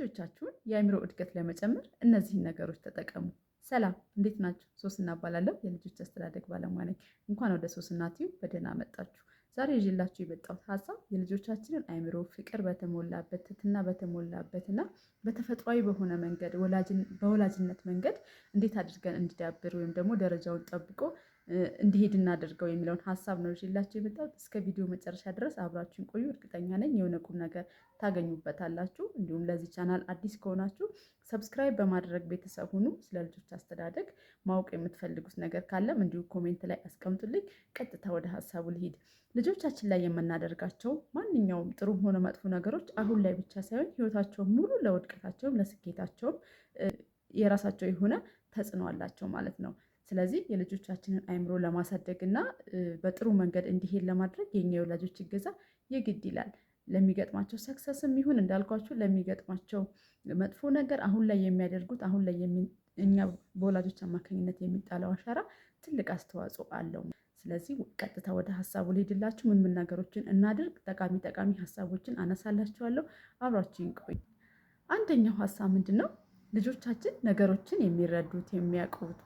ልጆቻችሁን የአእምሮ እድገት ለመጨመር እነዚህን ነገሮች ተጠቀሙ። ሰላም፣ እንዴት ናችሁ? ሶስና እባላለሁ የልጆች አስተዳደግ ባለሙያ ነኝ። እንኳን ወደ ሶስና ቲዩብ በደህና መጣችሁ። ዛሬ ይዤላችሁ የመጣሁት ሀሳብ የልጆቻችንን አእምሮ ፍቅር በተሞላበት ትህትና በተሞላበት እና በተፈጥሯዊ በሆነ መንገድ በወላጅነት መንገድ እንዴት አድርገን እንዲዳብር ወይም ደግሞ ደረጃውን ጠብቆ እንዲሄድ እናደርገው የሚለውን ሀሳብ ነው ይዤላችሁ የመጣሁት። እስከ ቪዲዮ መጨረሻ ድረስ አብራችሁን ቆዩ። እርግጠኛ ነኝ የሆነ ቁም ነገር ታገኙበታላችሁ። እንዲሁም ለዚህ ቻናል አዲስ ከሆናችሁ ሰብስክራይብ በማድረግ ቤተሰብ ሁኑ። ስለ ልጆች አስተዳደግ ማወቅ የምትፈልጉት ነገር ካለም እንዲሁ ኮሜንት ላይ አስቀምጡልኝ። ቀጥታ ወደ ሀሳቡ ልሂድ። ልጆቻችን ላይ የምናደርጋቸው ማንኛውም ጥሩም ሆነ መጥፎ ነገሮች አሁን ላይ ብቻ ሳይሆን ሕይወታቸውን ሙሉ ለውድቀታቸውም ለስኬታቸውም የራሳቸው የሆነ ተጽዕኖ አላቸው ማለት ነው። ስለዚህ የልጆቻችንን አእምሮ ለማሳደግ እና በጥሩ መንገድ እንዲሄድ ለማድረግ የኛ የወላጆች እገዛ የግድ ይላል። ለሚገጥማቸው ሰክሰስም ይሁን እንዳልኳችሁ ለሚገጥማቸው መጥፎ ነገር አሁን ላይ የሚያደርጉት አሁን ላይ እኛ በወላጆች አማካኝነት የሚጣለው አሻራ ትልቅ አስተዋጽኦ አለው። ስለዚህ ቀጥታ ወደ ሀሳቡ ልሄድላችሁ። ምን ምን ነገሮችን እናድርግ? ጠቃሚ ጠቃሚ ሀሳቦችን አነሳላችኋለሁ። አብራችሁን ቆዩ። አንደኛው ሀሳብ ምንድን ነው? ልጆቻችን ነገሮችን የሚረዱት የሚያውቁት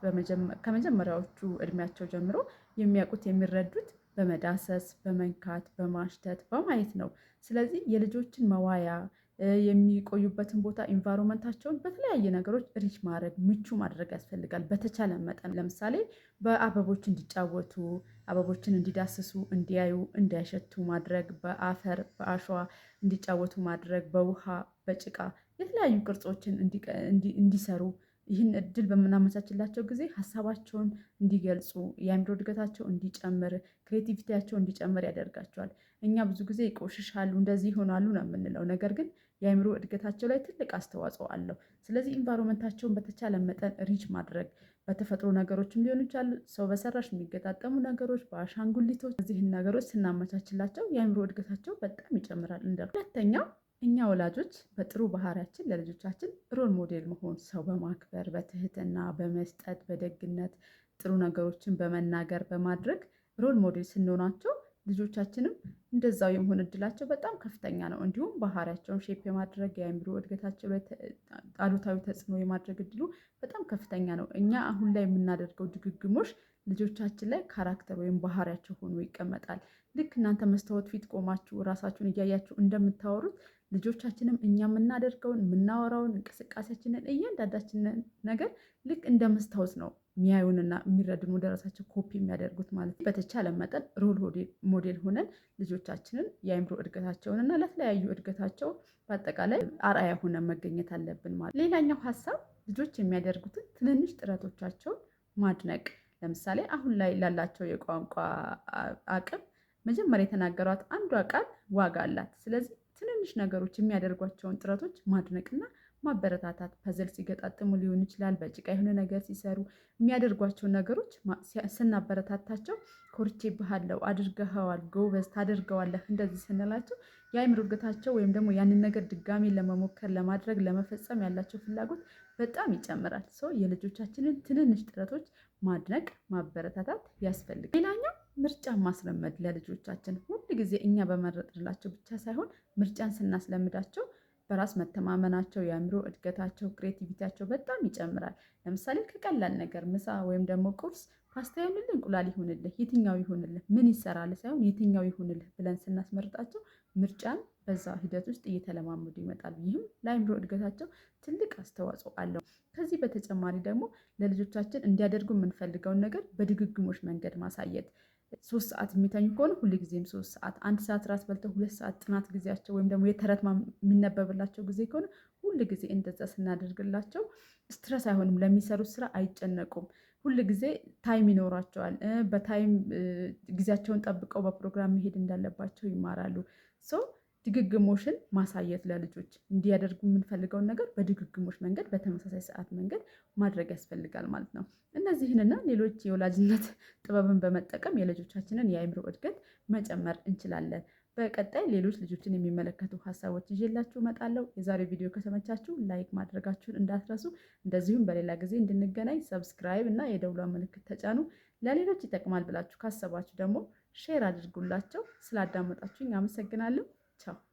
ከመጀመሪያዎቹ እድሜያቸው ጀምሮ የሚያውቁት የሚረዱት በመዳሰስ በመንካት በማሽተት በማየት ነው። ስለዚህ የልጆችን መዋያ የሚቆዩበትን ቦታ ኢንቫይሮመንታቸውን በተለያየ ነገሮች ሪች ማድረግ ምቹ ማድረግ ያስፈልጋል። በተቻለ መጠን ለምሳሌ በአበቦች እንዲጫወቱ፣ አበቦችን እንዲዳስሱ፣ እንዲያዩ፣ እንዳይሸቱ ማድረግ፣ በአፈር በአሸዋ እንዲጫወቱ ማድረግ፣ በውሃ በጭቃ የተለያዩ ቅርጾችን እንዲሰሩ ይህን እድል በምናመቻችላቸው ጊዜ ሀሳባቸውን እንዲገልጹ የአእምሮ እድገታቸው እንዲጨምር ክሬቲቪቲያቸው እንዲጨምር ያደርጋቸዋል። እኛ ብዙ ጊዜ ይቆሽሻሉ እንደዚህ ይሆናሉ ነው የምንለው ነገር ግን የአእምሮ እድገታቸው ላይ ትልቅ አስተዋጽኦ አለው። ስለዚህ ኢንቫይሮመንታቸውን በተቻለ መጠን ሪች ማድረግ በተፈጥሮ ነገሮችም ሊሆኑ ይችላሉ ሰው በሰራሽ የሚገጣጠሙ ነገሮች በአሻንጉሊቶች እነዚህን ነገሮች ስናመቻችላቸው የአእምሮ እድገታቸው በጣም ይጨምራል። እንደ ሁለተኛው እኛ ወላጆች በጥሩ ባህሪያችን ለልጆቻችን ሮል ሞዴል መሆን፣ ሰው በማክበር፣ በትህትና፣ በመስጠት፣ በደግነት፣ ጥሩ ነገሮችን በመናገር በማድረግ ሮል ሞዴል ስንሆናቸው ልጆቻችንም እንደዛው የመሆን እድላቸው በጣም ከፍተኛ ነው። እንዲሁም ባህሪያቸውን ሼፕ የማድረግ የአእምሮ እድገታቸው አሉታዊ ተጽዕኖ የማድረግ እድሉ በጣም ከፍተኛ ነው። እኛ አሁን ላይ የምናደርገው ድግግሞሽ ልጆቻችን ላይ ካራክተር ወይም ባህሪያቸው ሆኖ ይቀመጣል። ልክ እናንተ መስታወት ፊት ቆማችሁ ራሳችሁን እያያችሁ እንደምታወሩት ልጆቻችንም እኛ የምናደርገውን የምናወራውን እንቅስቃሴያችንን እያንዳንዳችንን ነገር ልክ እንደ መስታወት ነው የሚያዩንና የሚረዱን ወደ ራሳቸው ኮፒ የሚያደርጉት ማለት። በተቻለ መጠን ሮል ሞዴል ሆነን ልጆቻችንን የአይምሮ እድገታቸውን እና ለተለያዩ እድገታቸው በአጠቃላይ አርአያ ሆነ መገኘት አለብን ማለት። ሌላኛው ሀሳብ ልጆች የሚያደርጉትን ትንንሽ ጥረቶቻቸውን ማድነቅ። ለምሳሌ አሁን ላይ ላላቸው የቋንቋ አቅም መጀመሪያ የተናገሯት አንዷ ቃል ዋጋ አላት። ስለዚህ ትንንሽ ነገሮች የሚያደርጓቸውን ጥረቶች ማድነቅና ማበረታታት፣ ፐዘል ሲገጣጥሙ ሊሆን ይችላል። በጭቃ የሆነ ነገር ሲሰሩ የሚያደርጓቸውን ነገሮች ስናበረታታቸው ኮርቼ ባሃለው፣ አድርገኸዋል፣ ጎበዝ፣ ታደርገዋለህ እንደዚህ ስንላቸው የአእምሮ እድገታቸው ወይም ደግሞ ያንን ነገር ድጋሜ ለመሞከር ለማድረግ፣ ለመፈጸም ያላቸው ፍላጎት በጣም ይጨምራል። ሰው የልጆቻችንን ትንንሽ ጥረቶች ማድነቅ ማበረታታት ያስፈልጋል። ሌላኛው ምርጫ ማስለመድ ለልጆቻችን ሁል ጊዜ እኛ በመረጥንላቸው ብቻ ሳይሆን ምርጫን ስናስለምዳቸው በራስ መተማመናቸው፣ የአእምሮ እድገታቸው፣ ክሬቲቪቲያቸው በጣም ይጨምራል። ለምሳሌ ከቀላል ነገር ምሳ ወይም ደግሞ ቁርስ ፓስታ ይሁንልህ፣ እንቁላል ይሁንልህ፣ የትኛው ይሁንልህ፣ ምን ይሰራል ሳይሆን የትኛው ይሁንልህ ብለን ስናስመርጣቸው ምርጫን በዛ ሂደት ውስጥ እየተለማመዱ ይመጣሉ። ይህም ለአእምሮ እድገታቸው ትልቅ አስተዋጽኦ አለው። ከዚህ በተጨማሪ ደግሞ ለልጆቻችን እንዲያደርጉ የምንፈልገውን ነገር በድግግሞች መንገድ ማሳየት ሶስት ሰዓት የሚተኙ ከሆነ ሁልጊዜም ሶስት ሰዓት፣ አንድ ሰዓት ራት በልተው ሁለት ሰዓት ጥናት ጊዜያቸው ወይም ደግሞ የተረት የሚነበብላቸው ጊዜ ከሆነ ጊዜ እንደዛ ስናደርግላቸው ስትረስ አይሆንም። ለሚሰሩት ስራ አይጨነቁም። ጊዜ ታይም ይኖራቸዋል። በታይም ጊዜያቸውን ጠብቀው በፕሮግራም መሄድ እንዳለባቸው ይማራሉ። ድግግሞሽን ማሳየት ለልጆች እንዲያደርጉ የምንፈልገውን ነገር በድግግሞሽ መንገድ በተመሳሳይ ሰዓት መንገድ ማድረግ ያስፈልጋል ማለት ነው። እነዚህንና ሌሎች የወላጅነት ጥበብን በመጠቀም የልጆቻችንን የአእምሮ እድገት መጨመር እንችላለን። በቀጣይ ሌሎች ልጆችን የሚመለከቱ ሀሳቦች ይዤላችሁ እመጣለሁ። የዛሬው ቪዲዮ ከተመቻችሁ ላይክ ማድረጋችሁን እንዳትረሱ። እንደዚሁም በሌላ ጊዜ እንድንገናኝ ሰብስክራይብ እና የደውሏን ምልክት ተጫኑ። ለሌሎች ይጠቅማል ብላችሁ ካሰባችሁ ደግሞ ሼር አድርጉላቸው። ስላዳመጣችሁኝ አመሰግናለሁ። Chao.